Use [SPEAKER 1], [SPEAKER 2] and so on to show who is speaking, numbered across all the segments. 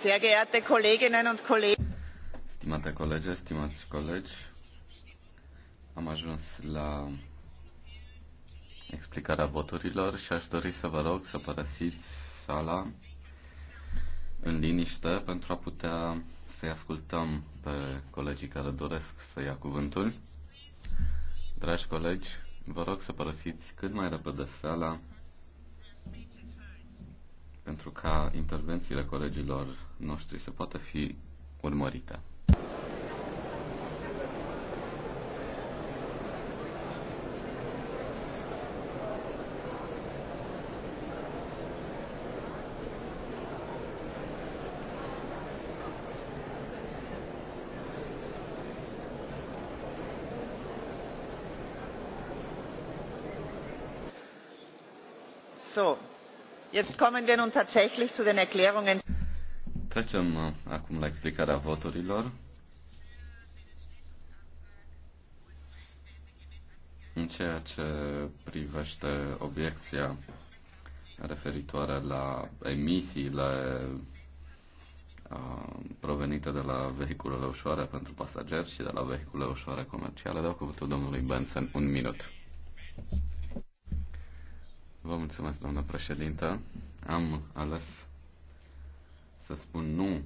[SPEAKER 1] Sehr geehrte Kolleginnen und Kollegen.
[SPEAKER 2] Stimate colege, stimați colegi, am ajuns la explicarea voturilor și aș dori să vă rog să părăsiți sala în liniște pentru a putea să-i ascultăm pe colegii care doresc să ia cuvântul. Dragi colegi, vă rog să părăsiți cât mai repede sala pentru ca intervențiile colegilor noștri să poată fi urmărite. Trecem uh, acum la explicarea voturilor. În ceea ce privește obiecția referitoare la emisiile uh, provenite de la vehiculele ușoare pentru pasageri și de la vehiculele ușoare comerciale, dau cuvântul domnului Benson un minut. Vă mulțumesc, doamnă președintă. Am ales să spun nu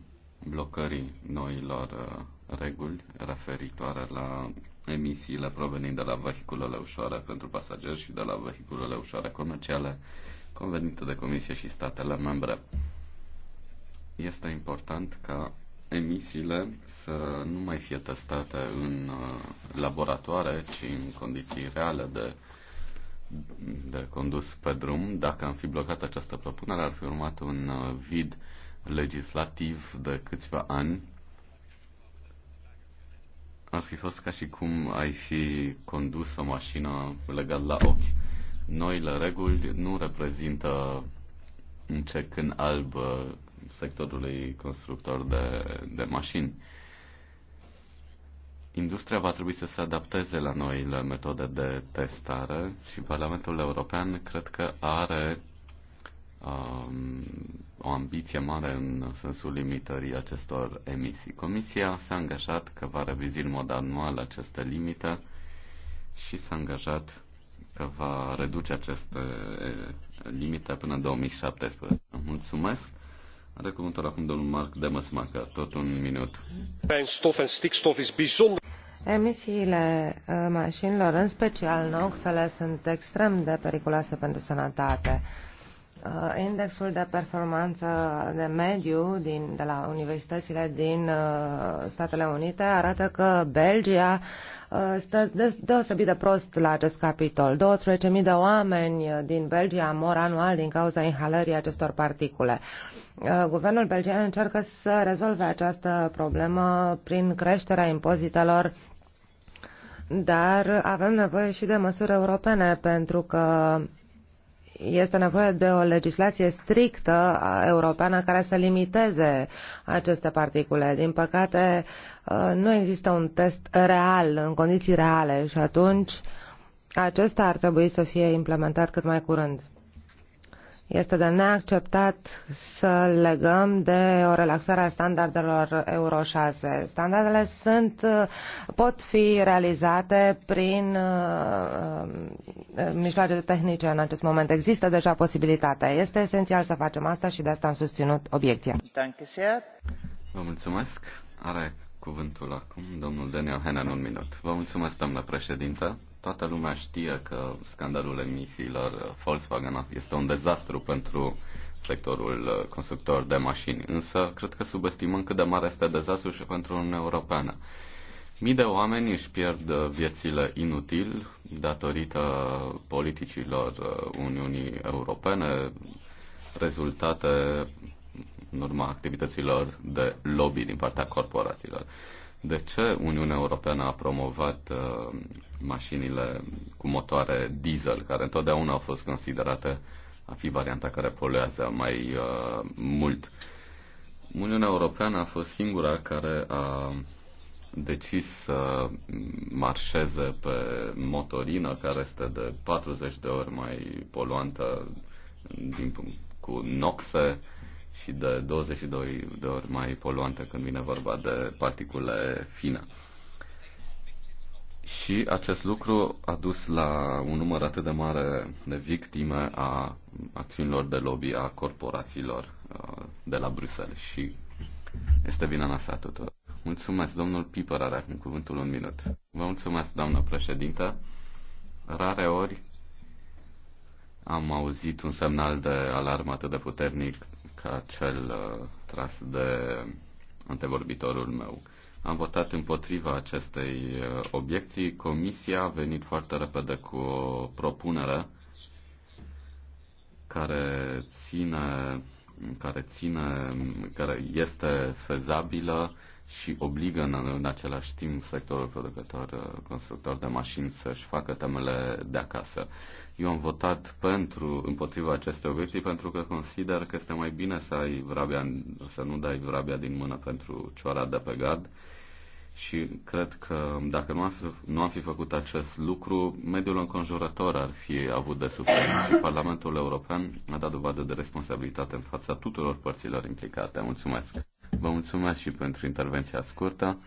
[SPEAKER 2] blocării noilor uh, reguli referitoare la emisiile provenind de la vehiculele ușoare pentru pasageri și de la vehiculele ușoare comerciale convenite de Comisie și statele membre. Este important ca emisiile să nu mai fie testate în uh, laboratoare, ci în condiții reale de de condus pe drum. Dacă am fi blocat această propunere, ar fi urmat un uh, vid legislativ de câțiva ani. Ar fi fost ca și cum ai fi condus o mașină legat la ochi. Noile reguli nu reprezintă un cec în alb uh, sectorului constructor de, de mașini Industria va trebui să se adapteze la noile metode de testare și Parlamentul European cred că are um, o ambiție mare în sensul limitării acestor emisii. Comisia s-a angajat că va revizi în mod anual aceste limite și s-a angajat că va reduce aceste limite până în 2017. Mulțumesc! Are cuvântul acum domnul Mark Demesmacher, tot un minut. Fijnstof en stikstof is bijzonder
[SPEAKER 1] Emisiile uh, mașinilor, în special noxele, sunt extrem de periculoase pentru sănătate. Uh, indexul de performanță de mediu din, de la universitățile din uh, Statele Unite arată că Belgia stă deosebit de prost la acest capitol. 12.000 de oameni din Belgia mor anual din cauza inhalării acestor particule. Uh, guvernul belgian încearcă să rezolve această problemă prin creșterea impozitelor dar avem nevoie și de măsuri europene pentru că este nevoie de o legislație strictă europeană care să limiteze aceste particule. Din păcate, uh, nu există un test real, în condiții reale și atunci acesta ar trebui să fie implementat cât mai curând. Este de neacceptat să legăm de o relaxare a standardelor Euro 6. Standardele sunt, pot fi realizate prin uh, mijloace tehnice în acest moment. Există deja posibilitatea. Este esențial să facem asta și de asta am susținut obiecția.
[SPEAKER 2] Vă mulțumesc. Are cuvântul acum domnul Daniel Henan un minut. Vă mulțumesc, doamnă președintă. Toată lumea știe că scandalul emisiilor Volkswagen este un dezastru pentru sectorul uh, constructor de mașini, însă cred că subestimăm cât de mare este dezastrul și pentru Uniunea Europeană. Mii de oameni își pierd uh, viețile inutil datorită politicilor uh, Uniunii Europene, rezultate în urma activităților de lobby din partea corporațiilor de ce Uniunea Europeană a promovat uh, mașinile cu motoare diesel, care întotdeauna au fost considerate a fi varianta care poluează mai uh, mult. Uniunea Europeană a fost singura care a decis să marșeze pe motorină, care este de 40 de ori mai poluantă din, cu noxe, și de 22 de ori mai poluantă când vine vorba de particule fine. Și acest lucru a dus la un număr atât de mare de victime a acțiunilor de lobby a corporațiilor uh, de la Bruxelles și este vina noastră tuturor. Mulțumesc, domnul Piper are acum cuvântul un minut. Vă mulțumesc, doamnă președintă. Rare ori am auzit un semnal de alarmă atât de puternic ca cel uh, tras de antevorbitorul meu. Am votat împotriva acestei uh, obiecții. Comisia a venit foarte repede cu o propunere care ține, care ține, care este fezabilă și obligă în, în același timp sectorul producător, uh, constructor de mașini să-și facă temele de acasă. Eu am votat pentru, împotriva acestei obiecții pentru că consider că este mai bine să, ai vrabia, să nu dai vrabia din mână pentru cioara de pe gard și cred că dacă nu am, fi, nu am fi făcut acest lucru, mediul înconjurător ar fi avut de suferit și Parlamentul European a dat dovadă de responsabilitate în fața tuturor părților implicate. Mulțumesc! Vă mulțumesc și pentru intervenția scurtă.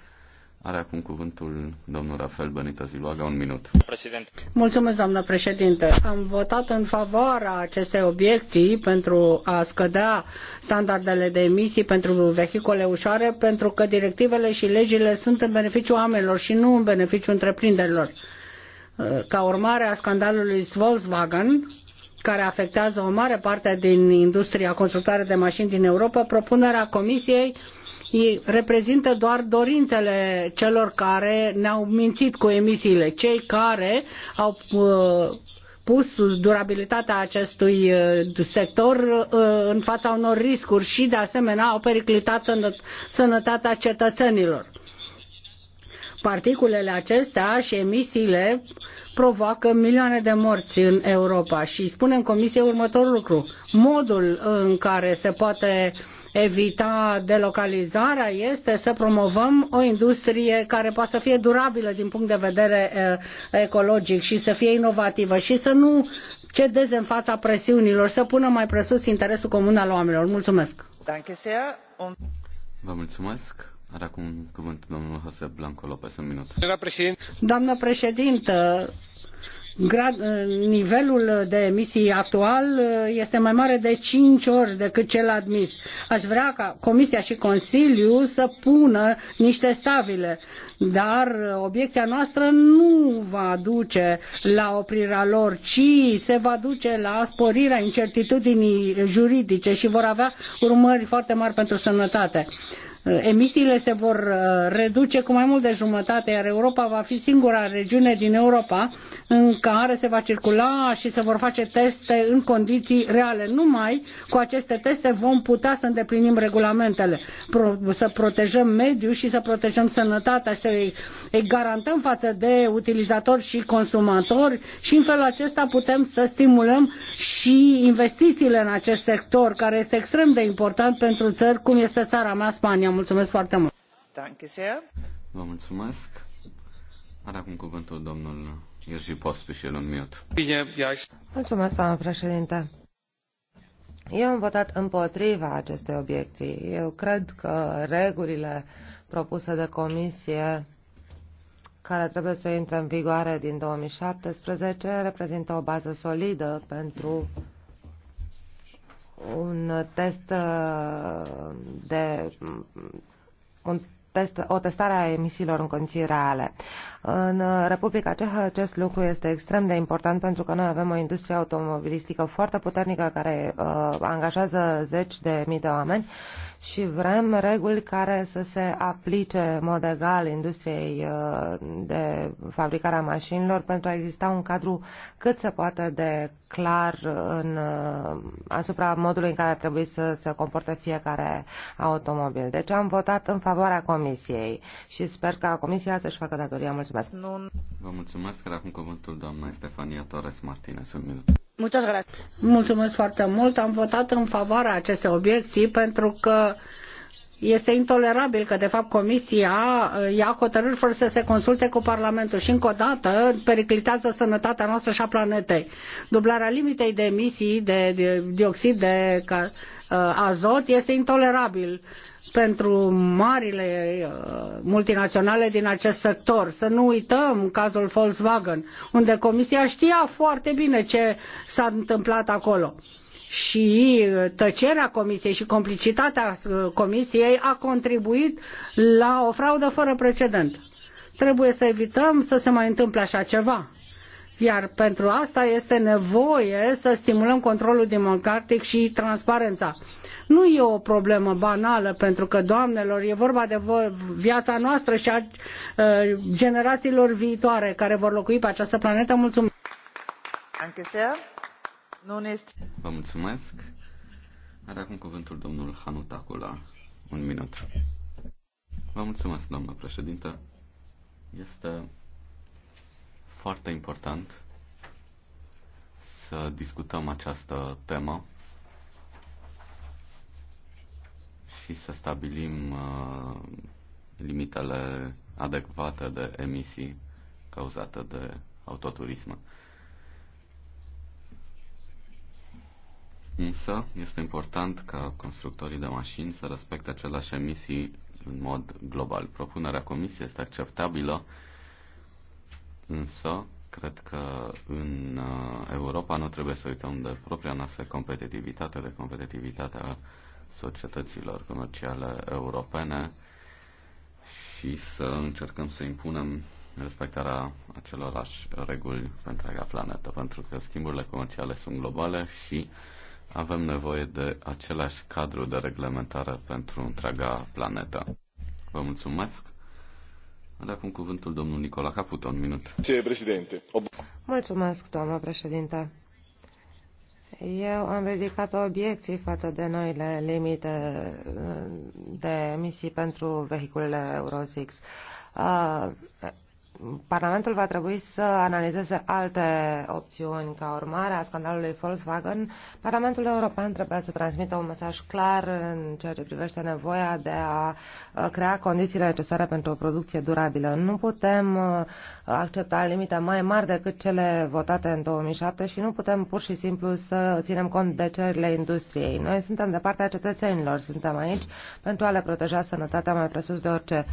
[SPEAKER 2] Are acum cuvântul domnul Rafael Benita Ziluaga, un minut. Președinte.
[SPEAKER 3] Mulțumesc, doamnă președinte. Am votat în favoarea acestei obiecții pentru a scădea standardele de emisii pentru vehicule ușoare, pentru că directivele și legile sunt în beneficiu oamenilor și nu în beneficiu întreprinderilor. Ca urmare a scandalului Volkswagen, care afectează o mare parte din industria constructoare de mașini din Europa, propunerea Comisiei reprezintă doar dorințele celor care ne-au mințit cu emisiile, cei care au uh, pus durabilitatea acestui uh, sector uh, în fața unor riscuri și, de asemenea, au periclitat sănătatea cetățenilor Particulele acestea și emisiile provoacă milioane de morți în Europa și spunem Comisiei următorul lucru. Modul în care se poate evita delocalizarea este să promovăm o industrie care poate să fie durabilă din punct de vedere eh, ecologic și să fie inovativă și să nu cedeze în fața presiunilor, să pună mai presus interesul comun al oamenilor. Mulțumesc!
[SPEAKER 2] Vă mulțumesc! Are acum cuvânt domnul Jose Blanco Lopez, un minut.
[SPEAKER 3] Doamnă președintă, grad, nivelul de emisii actual uh, este mai mare de cinci ori decât cel admis. Aș vrea ca Comisia și Consiliul să pună niște stabile, dar obiecția noastră nu va duce la oprirea lor, ci se va duce la sporirea incertitudinii juridice și vor avea urmări foarte mari pentru sănătate emisiile se vor uh, reduce cu mai mult de jumătate, iar Europa va fi singura regiune din Europa în care se va circula și se vor face teste în condiții reale. Numai cu aceste teste vom putea să îndeplinim regulamentele, să protejăm mediul și să protejăm sănătatea, să îi garantăm față de utilizatori și consumatori și în felul acesta putem să stimulăm și investițiile în acest sector, care este extrem de important pentru țări cum este țara mea, Spania. Mulțumesc foarte mult!
[SPEAKER 2] Vă mulțumesc! Are acum cuvântul domnul
[SPEAKER 3] Mulțumesc, doamnă
[SPEAKER 1] președinte. Eu am votat împotriva acestei obiecții. Eu cred că regulile propuse de comisie care trebuie să intre în vigoare din 2017 reprezintă o bază solidă pentru un test de un test, o testare a emisiilor în condiții reale. În Republica Cehă acest lucru este extrem de important pentru că noi avem o industrie automobilistică foarte puternică care uh, angajează zeci de mii de oameni și vrem reguli care să se aplice în mod egal industriei uh, de fabricare a mașinilor pentru a exista un cadru cât se poate de clar în, uh, asupra modului în care ar trebui să se comporte fiecare automobil. Deci am votat în favoarea Comisiei și sper ca Comisia să-și facă datoria. Mulțumesc! Mulțumesc. Nu.
[SPEAKER 2] Vă mulțumesc, acum cuvântul doamna Stefania Torres Martinez, un minut. Mulțumesc.
[SPEAKER 3] mulțumesc foarte mult. Am votat în favoarea acestei obiecții pentru că este intolerabil că, de fapt, Comisia ia hotărâri fără să se consulte cu Parlamentul și, încă o dată, periclitează sănătatea noastră și a planetei. Dublarea limitei de emisii de dioxid de azot este intolerabil pentru marile uh, multinaționale din acest sector. Să nu uităm cazul Volkswagen, unde Comisia știa foarte bine ce s-a întâmplat acolo și uh, tăcerea comisiei și complicitatea uh, comisiei a contribuit la o fraudă fără precedent. Trebuie să evităm să se mai întâmple așa ceva. Iar pentru asta este nevoie să stimulăm controlul democratic și transparența nu e o problemă banală, pentru că, doamnelor, e vorba de viața noastră și a uh, generațiilor viitoare care vor locui pe această planetă. Mulțumesc!
[SPEAKER 2] Vă mulțumesc! Are acum cuvântul domnul Hanutacula. Un minut. Vă mulțumesc, doamnă președintă. Este foarte important să discutăm această temă și să stabilim uh, limitele adecvate de emisii cauzate de autoturism. Însă, este important ca constructorii de mașini să respecte aceleași emisii în mod global. Propunerea comisiei este acceptabilă, însă cred că în uh, Europa nu trebuie să uităm de propria noastră competitivitate, de competitivitatea societăților comerciale europene și să încercăm să impunem respectarea acelorași reguli pe întreaga planetă, pentru că schimburile comerciale sunt globale și avem nevoie de același cadru de reglementare pentru întreaga planetă. Vă mulțumesc! Are acum cuvântul domnul Nicola Caputo, un minut. Ce, președinte?
[SPEAKER 1] Mulțumesc, doamna președinte. Eu am ridicat obiecții față de noile limite uh, de emisii pentru vehiculele Euro 6. Parlamentul va trebui să analizeze alte opțiuni ca urmare a scandalului Volkswagen. Parlamentul European trebuie să transmită un mesaj clar în ceea ce privește nevoia de a crea condițiile necesare pentru o producție durabilă. Nu putem accepta limite mai mari decât cele votate în 2007 și nu putem pur și simplu să ținem cont de cererile industriei. Noi suntem de partea cetățenilor, suntem aici pentru a le proteja sănătatea mai presus de orice.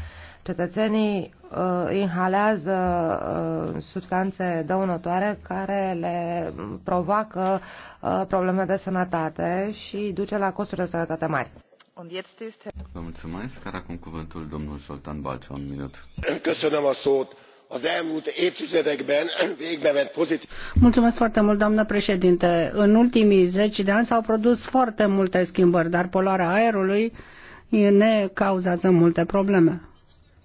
[SPEAKER 1] Cetățenii uh, inhalează uh, substanțe dăunătoare care le provoacă uh, probleme de sănătate și duce la costuri de sănătate mari.
[SPEAKER 2] Vă mulțumesc, care acum cuvântul domnul Soltan Balcea, un minut. Köszönöm a szót
[SPEAKER 3] Mulțumesc foarte mult, doamnă președinte. În ultimii zeci de ani s-au produs foarte multe schimbări, dar poluarea aerului ne cauzează multe probleme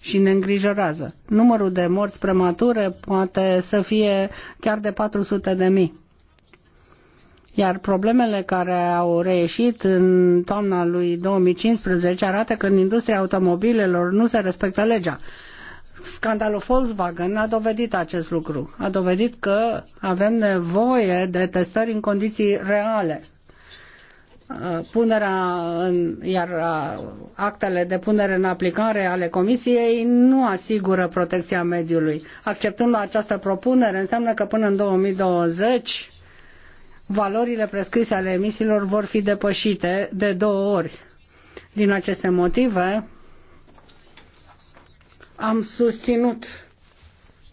[SPEAKER 3] și ne îngrijorează. Numărul de morți premature poate să fie chiar de 400 de mii. Iar problemele care au reieșit în toamna lui 2015 arată că în industria automobilelor nu se respectă legea. Scandalul Volkswagen a dovedit acest lucru. A dovedit că avem nevoie de testări în condiții reale Uh, punerea în, iar uh, actele de punere în aplicare ale Comisiei nu asigură protecția mediului. Acceptând această propunere, înseamnă că până în 2020 valorile prescrise ale emisiilor vor fi depășite de două ori. Din aceste motive, am susținut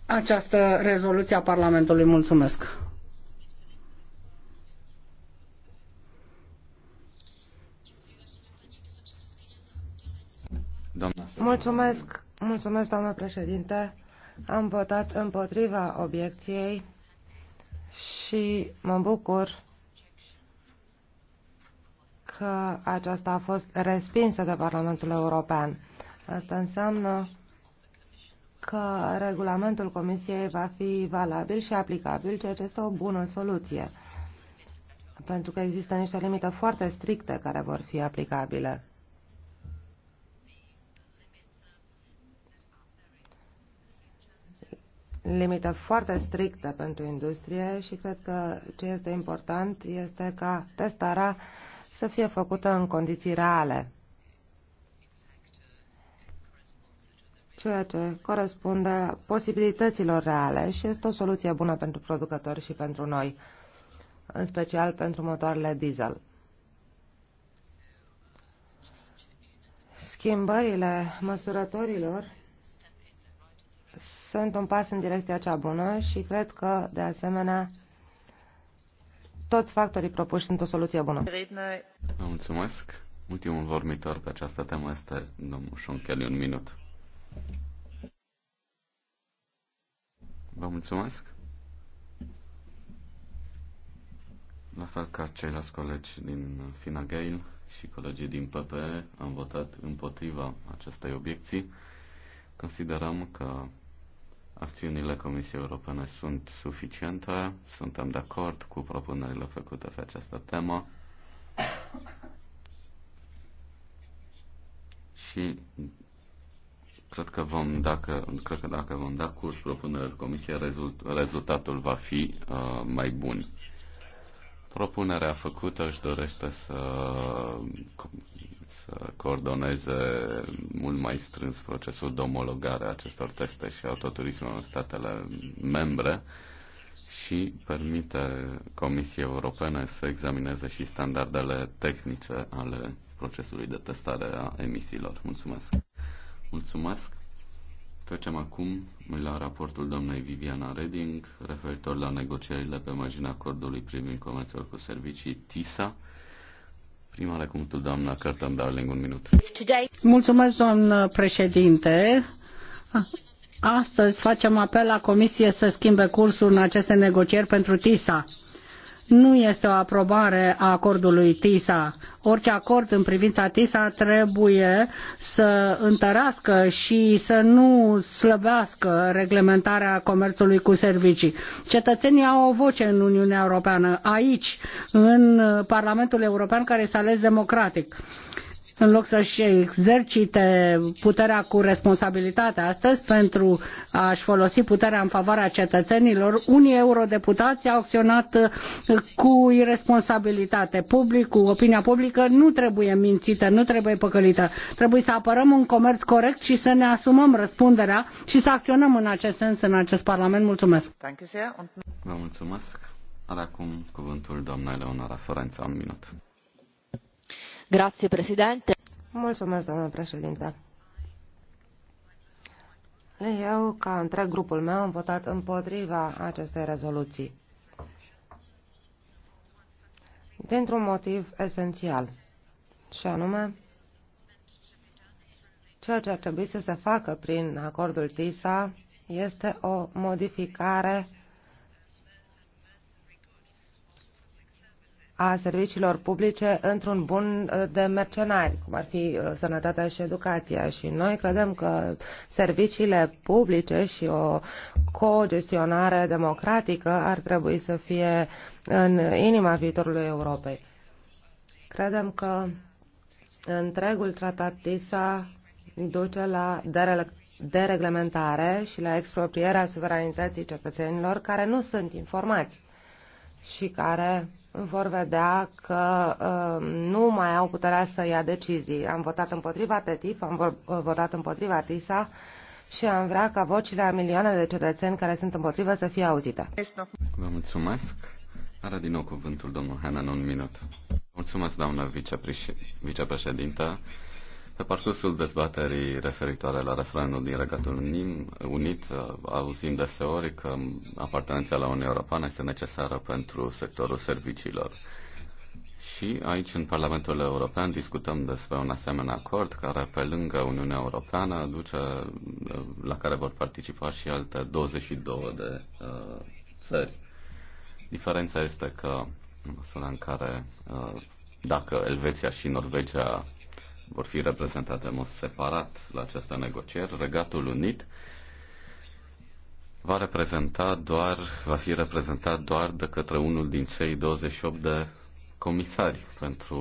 [SPEAKER 3] această rezoluție a Parlamentului. Mulțumesc!
[SPEAKER 2] Mulțumesc,
[SPEAKER 1] mulțumesc, doamnă președinte. Am votat împotriva obiecției și mă bucur că aceasta a fost respinsă de Parlamentul European. Asta înseamnă că regulamentul Comisiei va fi valabil și aplicabil, ceea ce este o bună soluție, pentru că există niște limite foarte stricte care vor fi aplicabile. limită foarte strictă pentru industrie și cred că ce este important este ca testarea să fie făcută în condiții reale, ceea ce corespunde posibilităților reale și este o soluție bună pentru producători și pentru noi, în special pentru motoarele diesel. Schimbările măsurătorilor sunt un pas în direcția cea bună și cred că, de asemenea, toți factorii propuși sunt o soluție bună.
[SPEAKER 2] Vă mulțumesc. Ultimul vorbitor pe această temă este domnul Șuncheli, un minut. Vă mulțumesc. La fel ca ceilalți colegi din Fina Gale și colegii din PPE, am votat împotriva acestei obiecții. Considerăm că Acțiunile Comisiei Europene sunt suficiente, suntem de acord cu propunerile făcute pe această temă și cred că vom dacă cred că dacă vom da curs propunerilor comisiei rezult, rezultatul va fi uh, mai bun. Propunerea făcută își dorește să să coordoneze mult mai strâns procesul de omologare a acestor teste și autoturisme în statele membre și permite Comisiei Europene să examineze și standardele tehnice ale procesului de testare a emisiilor. Mulțumesc! Mulțumesc! Trecem acum la raportul doamnei Viviana Reding referitor la negocierile pe marginea acordului privind comerțul cu servicii TISA. Prima la cuvântul doamna Curtin Darling, un minut.
[SPEAKER 3] Mulțumesc, domnule președinte. Astăzi facem apel la Comisie să schimbe cursul în aceste negocieri pentru TISA nu este o aprobare a acordului TISA. Orice acord în privința TISA trebuie să întărească și să nu slăbească reglementarea comerțului cu servicii. Cetățenii au o voce în Uniunea Europeană, aici, în Parlamentul European care este ales democratic în loc să-și exercite puterea cu responsabilitate astăzi pentru a-și folosi puterea în favoarea cetățenilor, unii eurodeputați au acționat uh, cu irresponsabilitate. Publicul, opinia publică nu trebuie mințită, nu trebuie păcălită. Trebuie să apărăm un comerț corect și să ne asumăm răspunderea și să acționăm în acest sens în acest Parlament. Mulțumesc!
[SPEAKER 2] Vă mulțumesc! Are acum cuvântul doamna Eleonora Forența, un minut.
[SPEAKER 3] Mulțumesc,
[SPEAKER 1] președinte. Eu, ca întreg grupul meu, am votat împotriva acestei rezoluții. Dintr-un motiv esențial, și anume, ceea ce ar trebui să se facă prin acordul TISA este o modificare a serviciilor publice într-un bun uh, de mercenari, cum ar fi uh, sănătatea și educația. Și noi credem că serviciile publice și o cogestionare democratică ar trebui să fie în inima viitorului Europei. Credem că întregul tratat TISA duce la reglementare și la exproprierea suveranității cetățenilor care nu sunt informați și care vor vedea că uh, nu mai au puterea să ia decizii. Am votat împotriva TTIP, am uh, votat împotriva TISA și am vrea ca vocile a milioane de cetățeni care sunt împotriva să fie auzite.
[SPEAKER 2] Vă mulțumesc. Are din nou cuvântul domnul Hanan un minut. Mulțumesc, doamnă vicepreședintă. Pe parcursul dezbaterii referitoare la referendumul din Regatul Unit, uh, auzim deseori că apartenența la Uniunea Europeană este necesară pentru sectorul serviciilor. Și aici, în Parlamentul European, discutăm despre un asemenea acord care, pe lângă Uniunea Europeană, duce, uh, la care vor participa și alte 22 de uh, țări. Diferența este că, în măsura în care, uh, dacă Elveția și Norvegia vor fi reprezentate în mod separat la această negocieri. Regatul Unit va reprezenta doar, va fi reprezentat doar de către unul din cei 28 de comisari pentru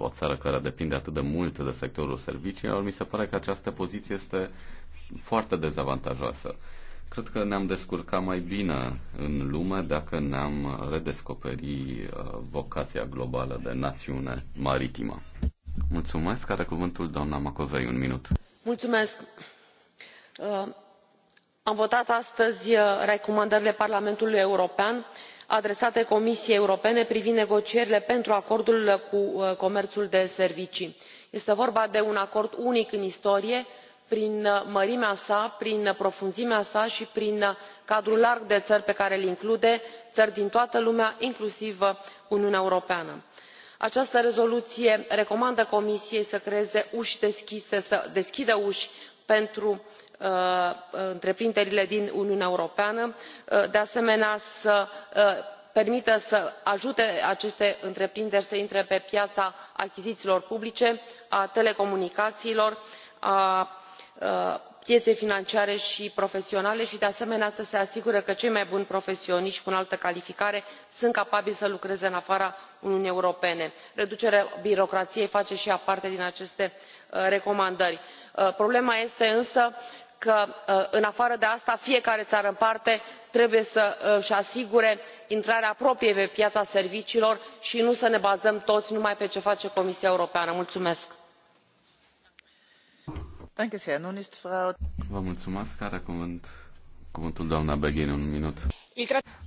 [SPEAKER 2] o țară care depinde atât de mult de sectorul serviciilor, mi se pare că această poziție este foarte dezavantajoasă. Cred că ne-am descurcat mai bine în lume dacă ne-am redescoperit uh, vocația globală de națiune maritimă. Mulțumesc. Are cuvântul doamna Macovei, un minut.
[SPEAKER 4] Mulțumesc. Uh, am votat astăzi uh, recomandările Parlamentului European adresate comisiei europene privind negocierile pentru acordul uh, cu comerțul de servicii. este vorba de un acord unic în istorie prin mărimea sa prin profunzimea sa și prin cadrul larg de țări pe care îl include țări din toată lumea inclusiv uniunea europeană această rezoluție recomandă comisiei să creeze uși deschise să deschidă uși pentru uh, întreprinderile din uniunea europeană uh, de asemenea să uh, permită să ajute aceste întreprinderi să intre pe piața achizițiilor publice a telecomunicațiilor a pieței financiare și profesionale și de asemenea să se asigure că cei mai buni profesioniști cu înaltă calificare sunt capabili să lucreze în afara uniunii europene. reducerea birocrației face și ea parte din aceste uh, recomandări. Uh, problema este însă că uh, în afară de asta fiecare țară în parte trebuie să își asigure intrarea proprie pe piața serviciilor și nu să ne bazăm toți numai pe ce face comisia europeană. mulțumesc.
[SPEAKER 2] Vă mulțumesc. Care cuvânt, cuvântul doamna Beghin, un minut.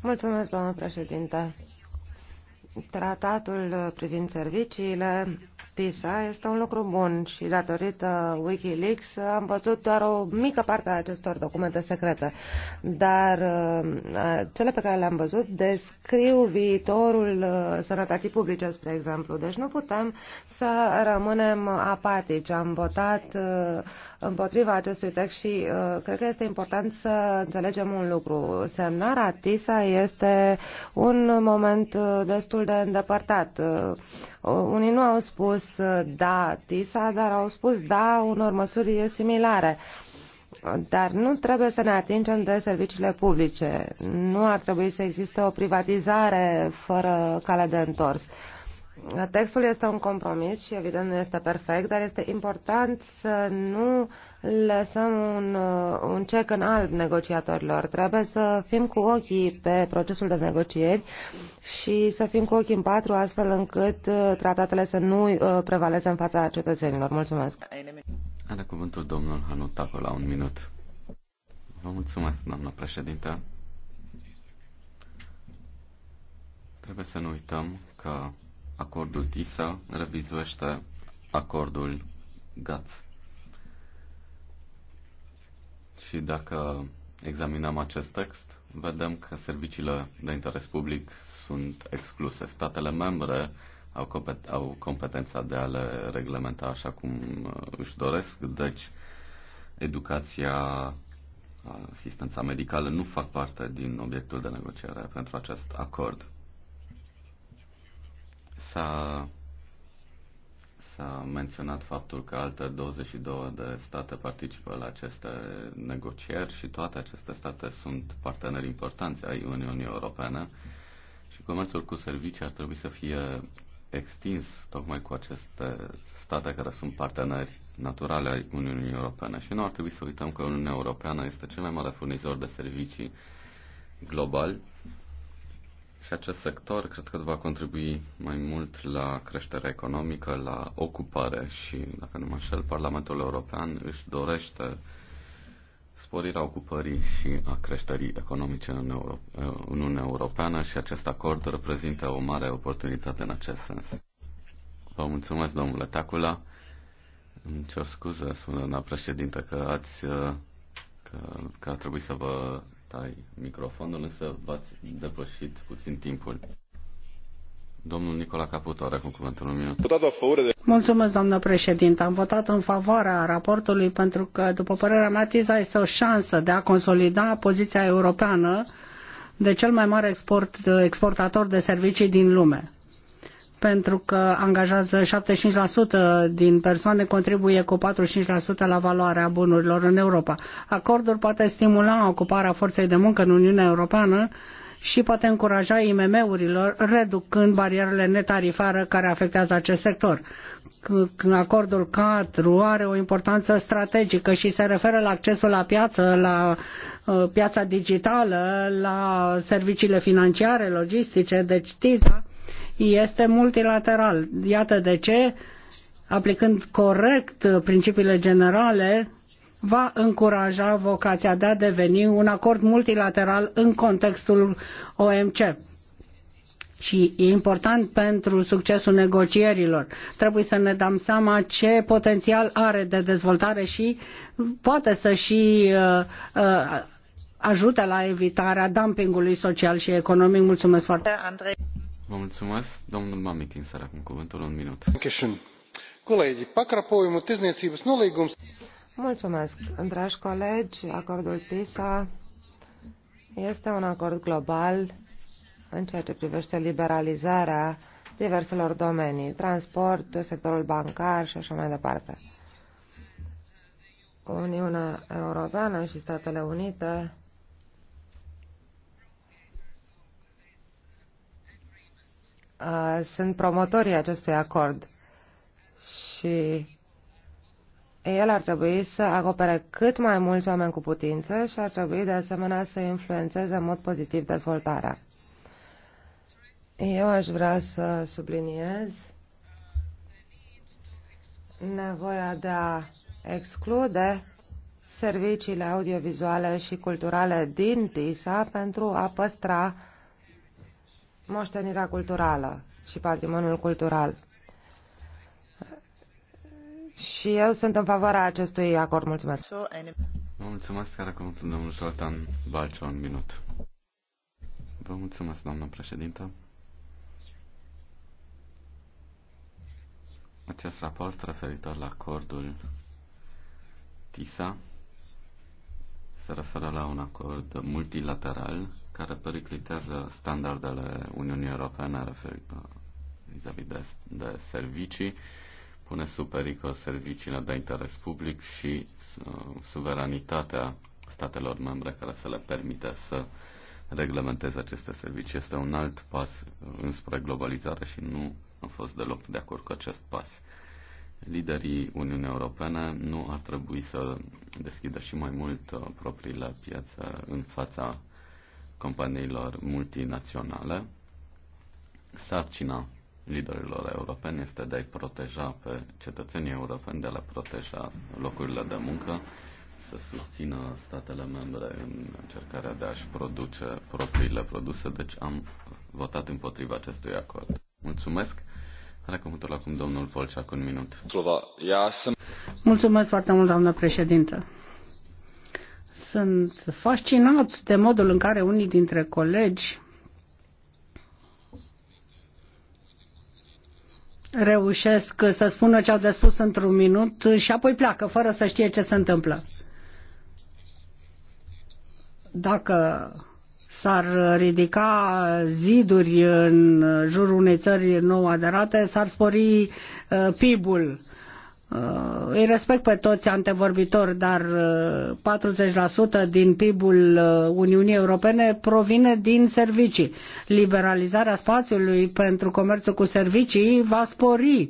[SPEAKER 1] Mulțumesc, doamnă președinte. Tratatul privind serviciile TISA este un lucru bun și datorită Wikileaks am văzut doar o mică parte a acestor documente secrete. Dar uh, cele pe care le-am văzut descriu viitorul uh, sănătății publice, spre exemplu. Deci nu putem să rămânem apatici. Am votat uh, împotriva acestui text și cred că este important să înțelegem un lucru. Semnarea TISA este un moment destul de îndepărtat unii nu au spus uh, da TISA, dar au spus da unor măsuri similare. Dar nu trebuie să ne atingem de serviciile publice. Nu ar trebui să existe o privatizare fără cale de întors. Textul este un compromis și evident nu este perfect, dar este important să nu lăsăm un, uh, un cec în alb negociatorilor. Trebuie să fim cu ochii pe procesul de negocieri și să fim cu ochii în patru, astfel încât uh, tratatele să nu uh, prevaleze în fața cetățenilor. Mulțumesc.
[SPEAKER 2] Are cuvântul domnul Hanut la un minut. Vă mulțumesc, doamnă președinte. Trebuie să nu uităm că acordul TISA revizuiește acordul GATS. Și dacă examinăm acest text, vedem că serviciile de interes public sunt excluse. Statele membre au, compet- au competența de a le reglementa așa cum uh, își doresc, deci educația, asistența medicală nu fac parte din obiectul de negociere pentru acest acord. S-a, s-a menționat faptul că alte 22 de state participă la aceste negocieri și toate aceste state sunt parteneri importanți ai Uniunii Europene și comerțul cu servicii ar trebui să fie extins tocmai cu aceste state care sunt parteneri naturale ai Uniunii Europene. Și nu ar trebui să uităm că Uniunea Europeană este cel mai mare furnizor de servicii global și acest sector cred că va contribui mai mult la creșterea economică, la ocupare și, dacă nu mă înșel, Parlamentul European își dorește sporirea ocupării și a creșterii economice în, Uniunea Europeană și acest acord reprezintă o mare oportunitate în acest sens. Vă mulțumesc, domnule Tacula. Îmi cer scuze, spune doamna președinte, că ați că, că a trebuit să vă ai microfonul, însă v-ați depășit puțin timpul. Domnul Nicola Caputo are cu cuvântul un minut.
[SPEAKER 3] Mulțumesc, domnule președinte. Am votat în favoarea raportului pentru că, după părerea mea, TISA este o șansă de a consolida poziția europeană de cel mai mare export, exportator de servicii din lume pentru că angajează 75% din persoane, contribuie cu 45% la valoarea bunurilor în Europa. Acordul poate stimula ocuparea forței de muncă în Uniunea Europeană și poate încuraja IMM-urilor, reducând barierele netarifare care afectează acest sector. Acordul cadru are o importanță strategică și se referă la accesul la piață, la uh, piața digitală, la serviciile financiare, logistice, deci TISA este multilateral. Iată de ce, aplicând corect principiile generale, va încuraja vocația de a deveni un acord multilateral în contextul OMC și e important pentru succesul negocierilor. Trebuie să ne dăm seama ce potențial are de dezvoltare și poate să și uh, uh, ajute la evitarea dumpingului social și economic. Mulțumesc foarte mult!
[SPEAKER 2] Vă mulțumesc. Domnul Mamitin, să acum cuvântul un minut.
[SPEAKER 1] Mulțumesc. Dragi colegi, acordul TISA este un acord global în ceea ce privește liberalizarea diverselor domenii, transport, sectorul bancar și așa mai departe. Uniunea Europeană și Statele Unite Uh, sunt promotorii acestui acord și el ar trebui să acopere cât mai mulți oameni cu putință și ar trebui de asemenea să influențeze în mod pozitiv dezvoltarea. Eu aș vrea să subliniez nevoia de a exclude serviciile audiovizuale și culturale din TISA pentru a păstra moștenirea culturală și patrimoniul cultural. Și eu sunt în favoarea acestui acord. Mulțumesc. Vă
[SPEAKER 2] mulțumesc, care cuvântul domnul sultan Balcio, un minut. Vă mulțumesc, doamnă președintă. Acest raport referitor la acordul TISA se referă la un acord multilateral care periclitează standardele Uniunii Europene uh, vis-a-vis de, de servicii, pune sub pericol serviciile de interes public și uh, suveranitatea statelor membre care să le permite să reglementeze aceste servicii. Este un alt pas înspre globalizare și nu am fost deloc de acord cu acest pas. Liderii Uniunii Europene nu ar trebui să deschidă și mai mult uh, propriile piețe în fața companiilor multinaționale. Sarcina liderilor europeni este de a-i proteja pe cetățenii europeni, de a le proteja locurile de muncă, să susțină statele membre în încercarea de a-și produce propriile produse, deci am votat împotriva acestui acord. Mulțumesc! Are cuvântul acum domnul Volceac un minut.
[SPEAKER 3] Mulțumesc foarte mult, doamnă președintă sunt fascinat de modul în care unii dintre colegi reușesc să spună ce au de spus într-un minut și apoi pleacă fără să știe ce se întâmplă. Dacă s-ar ridica ziduri în jurul unei țări nou aderate, s-ar spori uh, PIB-ul Uh, îi respect pe toți antevorbitori, dar 40% uh, din PIB-ul uh, Uniunii Europene provine din servicii. Liberalizarea spațiului pentru comerțul cu servicii va spori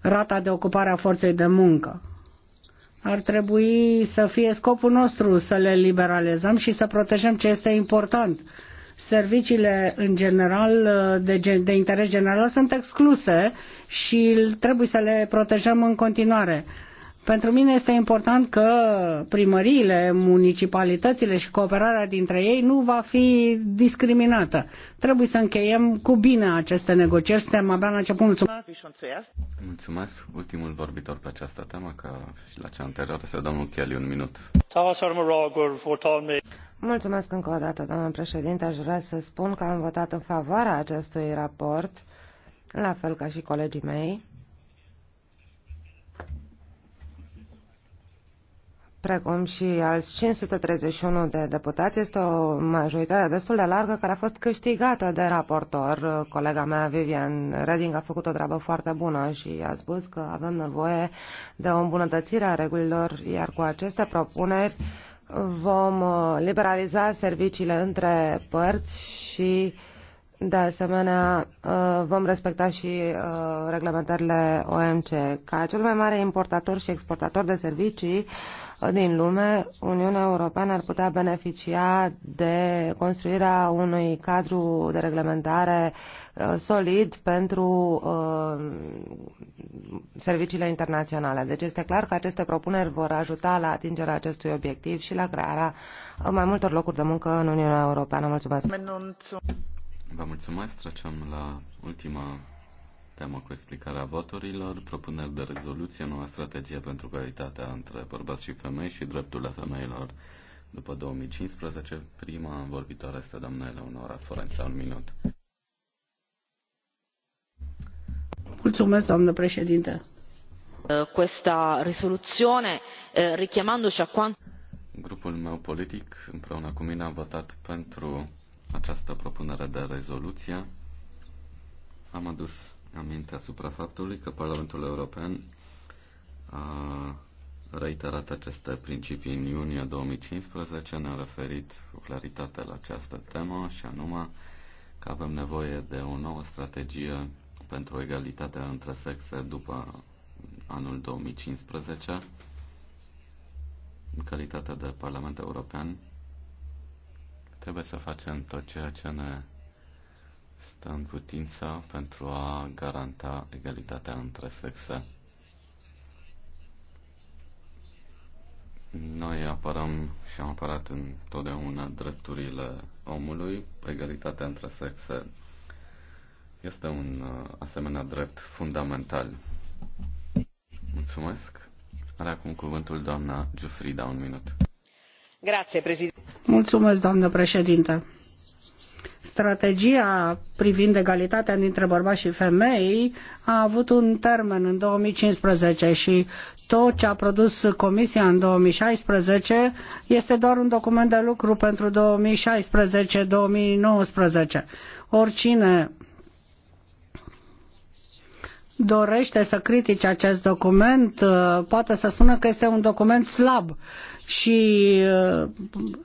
[SPEAKER 3] rata de ocupare a forței de muncă. Ar trebui să fie scopul nostru să le liberalizăm și să protejăm ce este important serviciile în general uh, de, de interes general sunt excluse și trebuie să le protejăm în continuare. Pentru mine este important că primăriile, municipalitățile și cooperarea dintre ei nu va fi discriminată. Trebuie să încheiem cu bine aceste negocieri. Suntem abia la început.
[SPEAKER 2] Mulțumesc. Mulțumesc. Ultimul vorbitor pe această temă, ca și la cea anterioară, este domnul Kelly. Un minut.
[SPEAKER 1] Mulțumesc încă o dată, domnul președinte. Aș vrea să spun că am votat în favoarea acestui raport, la fel ca și colegii mei precum și alți 531 de deputați, este o majoritate destul de largă care a fost câștigată de raportor. Colega mea, Vivian Reding, a făcut o treabă foarte bună și a spus că avem nevoie de o îmbunătățire a regulilor, iar cu aceste propuneri vom uh, liberaliza serviciile între părți și de asemenea, uh, vom respecta și uh, reglementările OMC. Ca cel mai mare importator și exportator de servicii, din lume, Uniunea Europeană ar putea beneficia de construirea unui cadru de reglementare uh, solid pentru uh, serviciile internaționale. Deci este clar că aceste propuneri vor ajuta la atingerea acestui obiectiv și la crearea mai multor locuri de muncă în Uniunea Europeană. Mulțumesc!
[SPEAKER 2] Vă mulțumesc! Trecem la ultima temă cu explicarea voturilor, propuneri de rezoluție, noua strategie pentru calitatea între bărbați și femei și drepturile femeilor după 2015. Prima vorbitoare este doamna Eleonora Forența, un minut.
[SPEAKER 3] Mulțumesc, doamnă președinte.
[SPEAKER 4] Questa risoluzione, eh, richiamandoci a quanto...
[SPEAKER 2] Grupul meu politic, împreună cu mine, a votat pentru această propunere de rezoluție. Am adus aminte asupra faptului că Parlamentul European a reiterat aceste principii în iunie 2015, ne-a referit cu claritate la această temă și anume că avem nevoie de o nouă strategie pentru egalitatea între sexe după anul 2015. În calitate de Parlament European trebuie să facem tot ceea ce ne stă în putința pentru a garanta egalitatea între sexe. Noi apărăm și am apărat întotdeauna drepturile omului, egalitatea între sexe este un uh, asemenea drept fundamental. Mulțumesc. Are acum cuvântul doamna Giuffrida, un minut.
[SPEAKER 3] Grazie, președinte. Mulțumesc, doamnă președinte Strategia privind egalitatea dintre bărbați și femei a avut un termen în 2015 și tot ce a produs Comisia în 2016 este doar un document de lucru pentru 2016-2019. Oricine dorește să critique acest document uh, poate să spună că este un document slab și uh,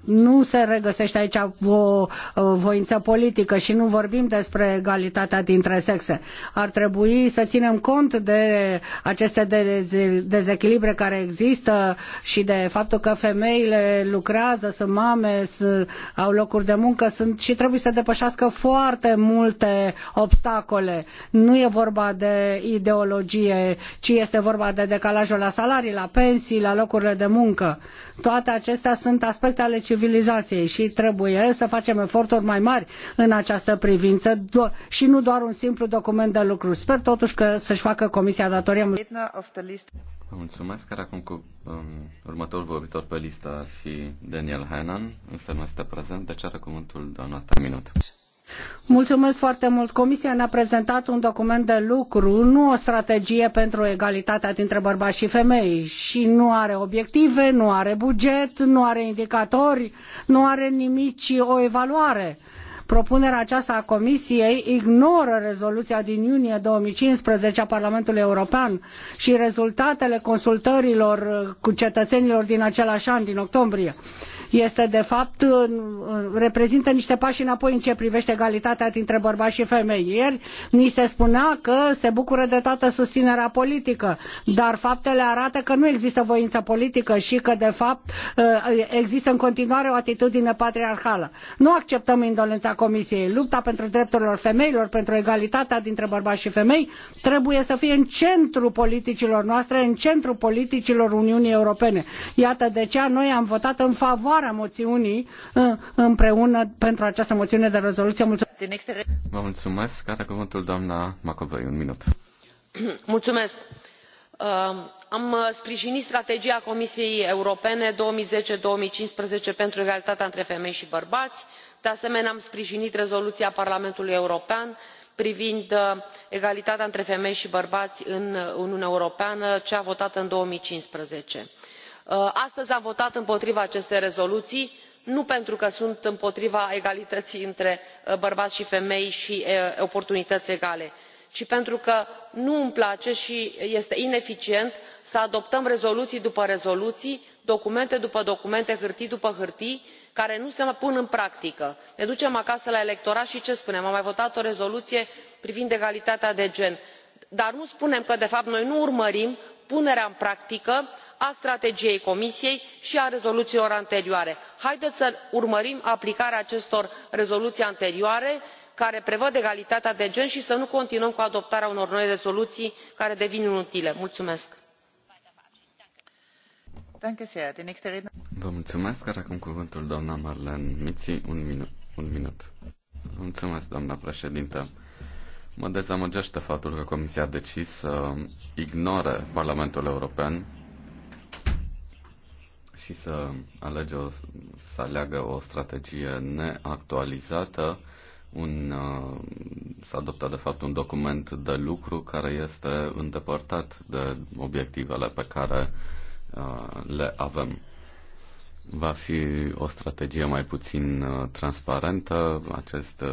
[SPEAKER 3] nu se regăsește aici o voință politică și nu vorbim despre egalitatea dintre sexe. Ar trebui să ținem cont de aceste dezechilibre care există și de faptul că femeile lucrează, sunt mame, au locuri de muncă sunt și trebuie să depășească foarte multe obstacole. Nu e vorba de ideologie, ci este vorba de decalajul la salarii, la pensii, la locurile de muncă. Toate acestea sunt aspecte ale civilizației și trebuie să facem eforturi mai mari în această privință și nu doar un simplu document de lucru. Sper totuși că să-și facă Comisia datoria.
[SPEAKER 1] Vă
[SPEAKER 2] mulțumesc. Care acum cu um, următorul vorbitor pe listă ar fi Daniel Hainan, însă nu este prezent, deci are cuvântul doamna 3 minute.
[SPEAKER 3] Mulțumesc foarte mult. Comisia ne-a prezentat un document de lucru, nu o strategie pentru egalitatea dintre bărbați și femei și nu are obiective, nu are buget, nu are indicatori, nu are nimic, ci o evaluare. Propunerea aceasta a Comisiei ignoră rezoluția din iunie 2015 a Parlamentului European și rezultatele consultărilor cu cetățenilor din același an, din octombrie este de fapt reprezintă niște pași înapoi în ce privește egalitatea dintre bărbați și femei. Ieri ni se spunea că se bucură de toată susținerea politică, dar faptele arată că nu există voință politică și că de fapt ă, există în continuare o atitudine patriarhală. Nu acceptăm indolența Comisiei. Lupta pentru drepturile femeilor, pentru egalitatea dintre bărbați și femei trebuie să fie în centrul politicilor noastre, în centrul politicilor Uniunii Europene. Iată de ce noi am votat în favoarea promovarea moțiunii uh, împreună pentru această moțiune de rezoluție.
[SPEAKER 1] Mulțumesc.
[SPEAKER 2] Vă mulțumesc. Are cuvântul doamna Macovei. Un minut.
[SPEAKER 4] Mulțumesc. Uh, am sprijinit strategia Comisiei Europene 2010-2015 pentru egalitatea între femei și bărbați. De asemenea, am sprijinit rezoluția Parlamentului European privind uh, egalitatea între femei și bărbați în uniunea europeană cea votată în două mii cincisprezece Uh, astăzi am votat împotriva acestei rezoluții nu pentru că sunt împotriva egalității între uh, bărbați și femei și uh, oportunități egale ci pentru că nu îmi place și este ineficient să adoptăm rezoluții după rezoluții documente după documente hârtii după hârtii care nu se pun în practică. ne ducem acasă la electorat și ce spunem am mai votat o rezoluție privind egalitatea de gen dar nu spunem că de fapt noi nu urmărim punerea în practică a strategiei comisiei și a rezoluțiilor anterioare. haideți să urmărim aplicarea acestor rezoluții anterioare care prevăd egalitatea de gen și să nu continuăm cu adoptarea unor noi rezoluții care devin inutile. mulțumesc.
[SPEAKER 2] mulțumesc. cuvântul doamna Marlene un minut. Mulțumesc, doamna președintă. Mă dezamăgește faptul că Comisia a decis să ignore Parlamentul European și să alege o, să aleagă o strategie neactualizată un, uh, s-a adoptat de fapt un document de lucru care este îndepărtat de obiectivele pe care uh, le avem. Va fi o strategie mai puțin uh, transparentă, acest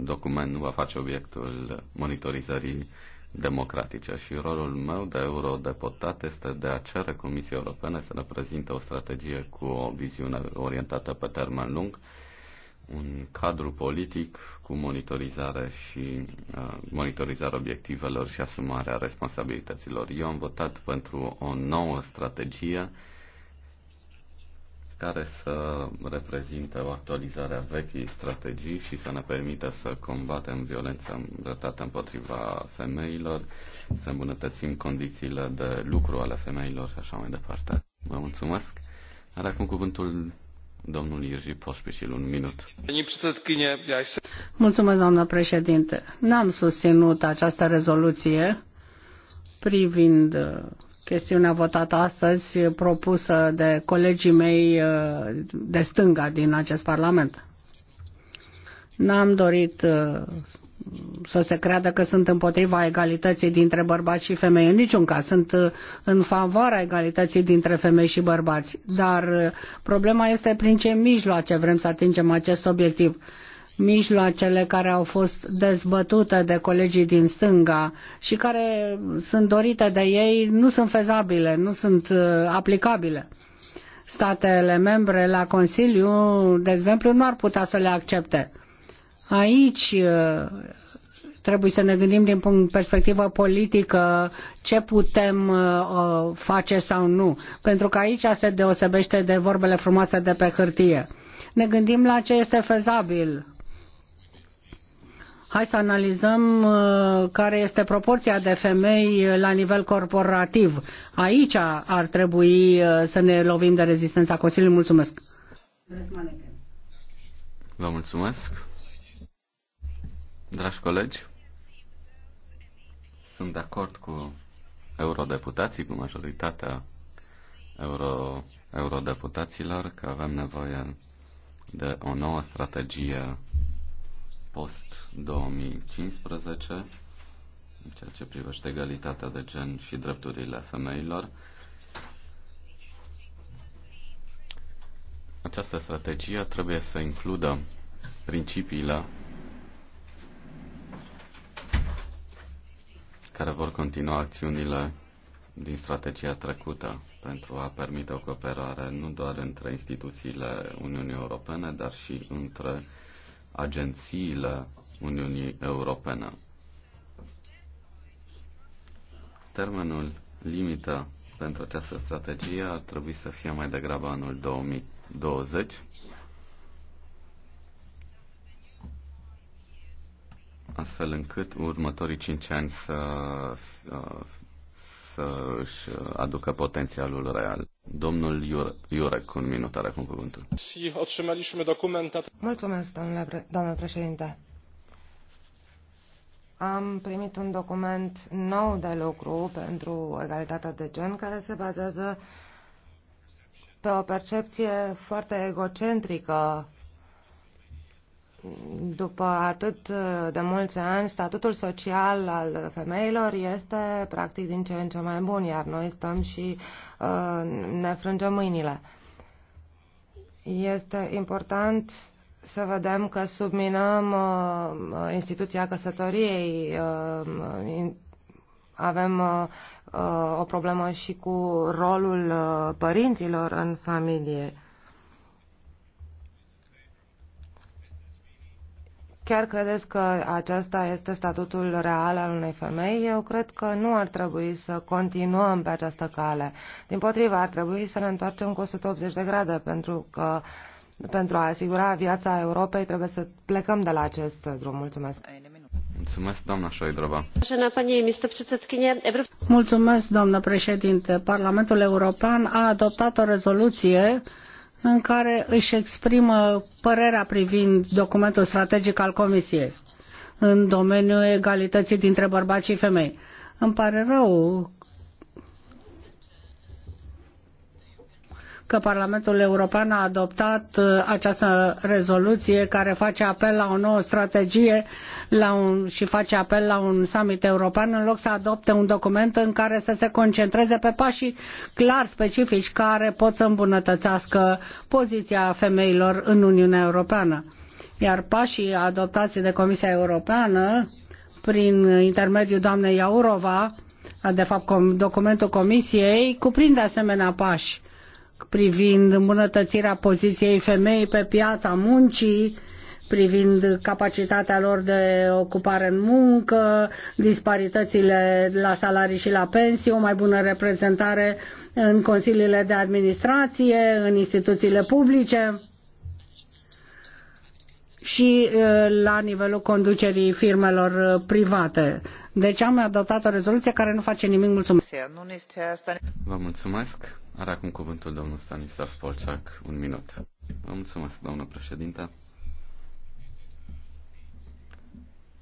[SPEAKER 2] document nu va face obiectul monitorizării democratice și rolul meu de eurodeputat este de a cere Comisiei Europene să ne prezinte o strategie cu o viziune orientată pe termen lung, un cadru politic cu monitorizare și uh, monitorizarea obiectivelor și asumarea responsabilităților. Eu am votat pentru o nouă strategie uh, care să reprezinte o actualizare a vechii strategii și să ne permită să combatem violența îndreptată împotriva femeilor, să îmbunătățim condițiile de lucru ale femeilor și așa mai departe. Vă mulțumesc. Are acum cuvântul domnul Irgi Poșpișil, un minut.
[SPEAKER 3] Mulțumesc, doamnă președinte. N-am susținut această rezoluție privind uh, chestiunea votată astăzi propusă de colegii mei uh, de stânga din acest Parlament. N-am dorit uh, să se creadă că sunt împotriva egalității dintre bărbați și femei. În niciun caz sunt uh, în favoarea egalității dintre femei și bărbați. Dar problema este prin ce mijloace vrem să atingem acest obiectiv mijloacele care au fost dezbătute de colegii din stânga și care sunt dorite de ei nu sunt fezabile, nu sunt uh, aplicabile. Statele membre la Consiliu, de exemplu, nu ar putea să le accepte. Aici uh, trebuie să ne gândim din punct perspectivă politică ce putem uh, uh, face sau nu, pentru că aici se deosebește de vorbele frumoase de pe hârtie. Ne gândim la ce este fezabil, Hai să analizăm uh, care este proporția de femei la nivel corporativ. Aici ar trebui uh, să ne lovim de rezistența Consiliului. Mulțumesc!
[SPEAKER 2] Vă mulțumesc! Dragi colegi, sunt de acord cu eurodeputații, cu majoritatea euro, eurodeputaților, că avem nevoie de o nouă strategie post-2015, în ceea ce privește egalitatea de gen și drepturile femeilor. Această strategie trebuie să includă principiile care vor continua acțiunile din strategia trecută pentru a permite o cooperare nu doar între instituțiile Uniunii Europene, dar și între agențiile Uniunii Europene. Termenul limită pentru această strategie ar trebui să fie mai degrabă anul 2020. astfel încât următorii 5 ani să își aducă potențialul real. Domnul Iurec, un minut, are cum cuvântul.
[SPEAKER 1] Mulțumesc, domnule, domnule președinte. Am primit un document nou de lucru pentru egalitatea de gen care se bazează pe o percepție foarte egocentrică după atât de mulți ani, statutul social al femeilor este practic din ce în ce mai bun, iar noi stăm și uh, ne frângem mâinile. Este important să vedem că subminăm uh, instituția căsătoriei, uh, avem uh, o problemă și cu rolul uh, părinților în familie. Chiar credeți că acesta este statutul real al unei femei? Eu cred că nu ar trebui să continuăm pe această cale. Din potriva, ar trebui să ne întoarcem cu 180 de grade, pentru că pentru a asigura viața Europei trebuie să plecăm de la acest drum. Mulțumesc!
[SPEAKER 2] Mulțumesc, doamna Șoidrova.
[SPEAKER 3] Mulțumesc, doamnă președinte. Parlamentul European a adoptat o rezoluție în care își exprimă părerea privind documentul strategic al Comisiei în domeniul egalității dintre bărbați și femei. Îmi pare rău că Parlamentul European a adoptat uh, această rezoluție care face apel la o nouă strategie la un, și face apel la un summit european în loc să adopte un document în care să se concentreze pe pașii clar specifici care pot să îmbunătățească poziția femeilor în Uniunea Europeană. Iar pașii adoptați de Comisia Europeană prin intermediul doamnei Iaurova, de fapt documentul Comisiei, cuprinde asemenea pași privind îmbunătățirea poziției femeii pe piața muncii, privind capacitatea lor de ocupare în muncă, disparitățile la salarii și la pensii, o mai bună reprezentare în consiliile de administrație, în instituțiile publice și la nivelul conducerii firmelor private. Deci am adoptat o rezoluție care nu face nimic. Mulțumesc.
[SPEAKER 2] Vă mulțumesc. Are acum cuvântul domnul Stanislav Polciac, un minut. Vă mulțumesc, doamnă președinte.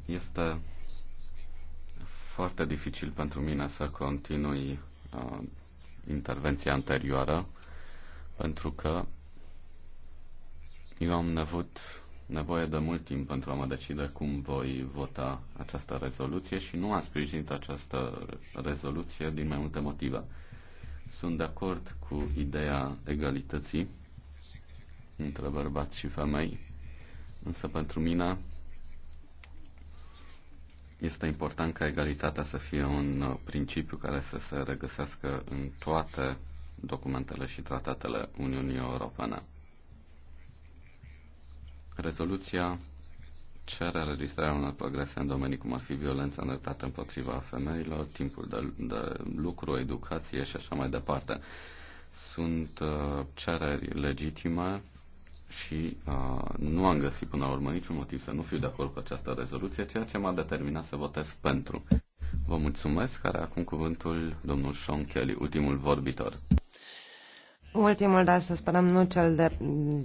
[SPEAKER 2] Este foarte dificil pentru mine să continui uh, intervenția anterioară, pentru că eu am avut nevoie de mult timp pentru a mă decide cum voi vota această rezoluție și nu am sprijinit această rezoluție din mai multe motive. Sunt de acord cu ideea egalității între bărbați și femei, însă pentru mine este important ca egalitatea să fie un principiu care să se regăsească în toate documentele și tratatele Uniunii Europene. Rezoluția cere înregistrarea unor progrese în domenii cum ar fi violența îndreptată împotriva femeilor, timpul de, de lucru, educație și așa mai departe. Sunt uh, cereri legitime și uh, nu am găsit până la urmă niciun motiv să nu fiu de acord cu această rezoluție, ceea ce m-a determinat să votez pentru. Vă mulțumesc, care acum cuvântul domnul Sean Kelly, ultimul vorbitor.
[SPEAKER 1] Ultimul, dar să sperăm nu cel de,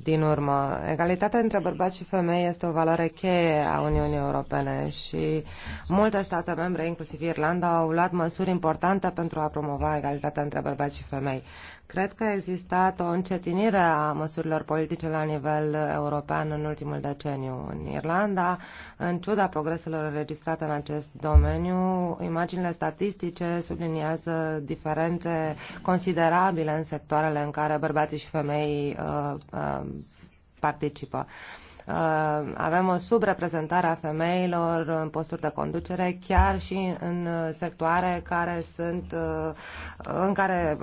[SPEAKER 1] din urmă. Egalitatea între bărbați și femei este o valoare cheie a Uniunii Europene și multe state membre, inclusiv Irlanda, au luat măsuri importante pentru a promova egalitatea între bărbați și femei. Cred că a existat o încetinire a măsurilor politice la nivel european în ultimul deceniu. În Irlanda, în ciuda progreselor înregistrate în acest domeniu, imaginile statistice subliniază diferențe considerabile în sectoarele în care bărbații și femei uh, uh, participă. Uh, Uh, avem o subreprezentare a femeilor în posturi de conducere, chiar și în uh, sectoare care sunt, uh, în care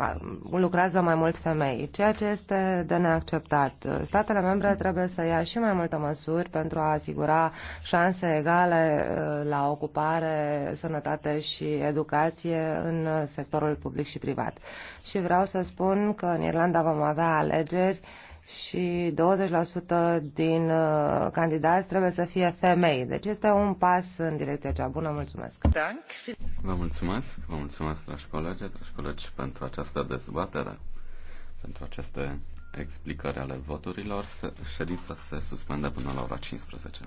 [SPEAKER 1] lucrează mai mult femei, ceea ce este de neacceptat. Statele membre trebuie să ia și mai multe măsuri pentru a asigura șanse egale la ocupare, sănătate și educație în sectorul public și privat. Și vreau să spun că în Irlanda vom avea alegeri și 20% din uh, candidați trebuie să fie femei. Deci este un pas în direcția cea bună. Mulțumesc!
[SPEAKER 2] Vă mulțumesc! Vă mulțumesc, dragi colegi, dragi colegi, pentru această dezbatere, pentru aceste explicări ale voturilor. Ședința se suspendă până la ora 15.